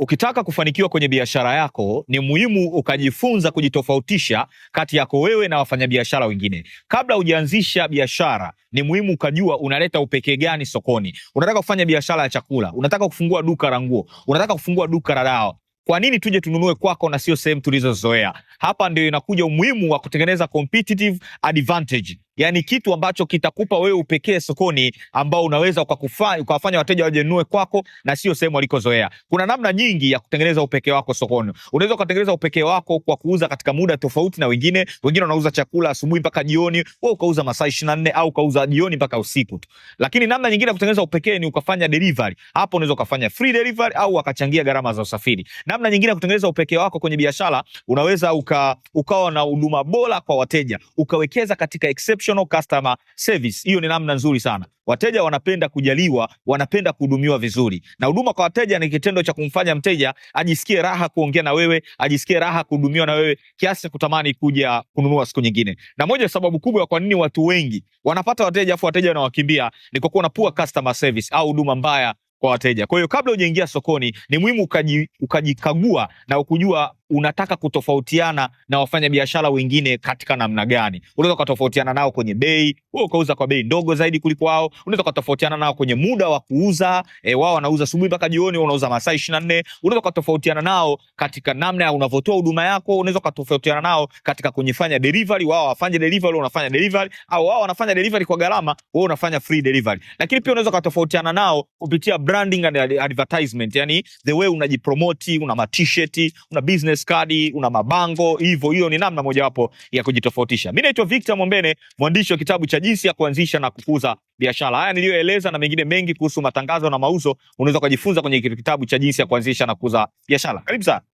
Ukitaka kufanikiwa kwenye biashara yako ni muhimu ukajifunza kujitofautisha kati yako wewe na wafanyabiashara wengine. Kabla hujaanzisha biashara, ni muhimu ukajua unaleta upekee gani sokoni. Unataka kufanya biashara ya chakula, unataka kufungua duka la nguo, unataka kufungua duka la dawa, kwa nini tuje tununue kwako na sio sehemu tulizozoea? Hapa ndio inakuja umuhimu wa kutengeneza competitive advantage yani kitu ambacho kitakupa wewe upekee sokoni ambao unaweza ukawafanya wateja wajenunue kwako na sio sehemu walikozoea. Kuna namna nyingi ya kutengeneza upekee wako sokoni. Unaweza ukatengeneza upekee wako kwa kuuza katika muda tofauti na wengine. Wengine wanauza chakula asubuhi mpaka jioni, wewe ukauza masaa 24 au ukauza jioni mpaka usiku tu. Lakini namna nyingine ya kutengeneza upekee ni ukafanya delivery. Hapo unaweza ukafanya free delivery au wakachangia gharama za usafiri. Namna nyingine ya kutengeneza upekee wako kwenye biashara, unaweza uka, ukawa na huduma bora kwa wateja, ukawekeza katika exception exceptional customer service. Hiyo ni namna nzuri sana. Wateja wanapenda kujaliwa, wanapenda kuhudumiwa vizuri, na huduma kwa wateja ni kitendo cha kumfanya mteja ajisikie raha kuongea na wewe, ajisikie raha kuhudumiwa na wewe kiasi cha kutamani kuja kununua siku nyingine. Na moja ya sababu kubwa kwa nini watu wengi wanapata wateja afu wateja wanawakimbia ni kwa kuwa na poor customer service au huduma mbaya kwa wateja. Kwa hiyo kabla hujaingia sokoni, ni muhimu ukajikagua ukaji na ukujua unataka kutofautiana na wafanyabiashara wengine katika namna gani? Unaweza ukatofautiana nao kwenye bei, wewe ukauza kwa bei ndogo zaidi kuliko wao. Unaweza ukatofautiana nao kwenye muda wa kuuza, e, wao wanauza asubuhi mpaka jioni, unauza masaa ishirini na nne. Unaweza ukatofautiana nao katika namna ya unavyotoa huduma yako. Unaweza ukatofautiana nao katika kunyefanya delivery, wao wafanye delivery, wewe unafanya delivery, au wao wanafanya delivery kwa gharama, wewe unafanya free delivery. Lakini pia unaweza ukatofautiana nao kupitia branding and advertisement, yani the way unajipromote, una matisheti, una business press card, una mabango hivyo. Hiyo ni namna mojawapo ya kujitofautisha. Mimi naitwa Victor Mwambene, mwandishi wa kitabu cha Jinsi ya Kuanzisha na Kukuza Biashara. Haya niliyoeleza na mengine mengi kuhusu matangazo na mauzo unaweza ukajifunza kwenye kitabu cha Jinsi ya Kuanzisha na Kukuza Biashara. Karibu sana.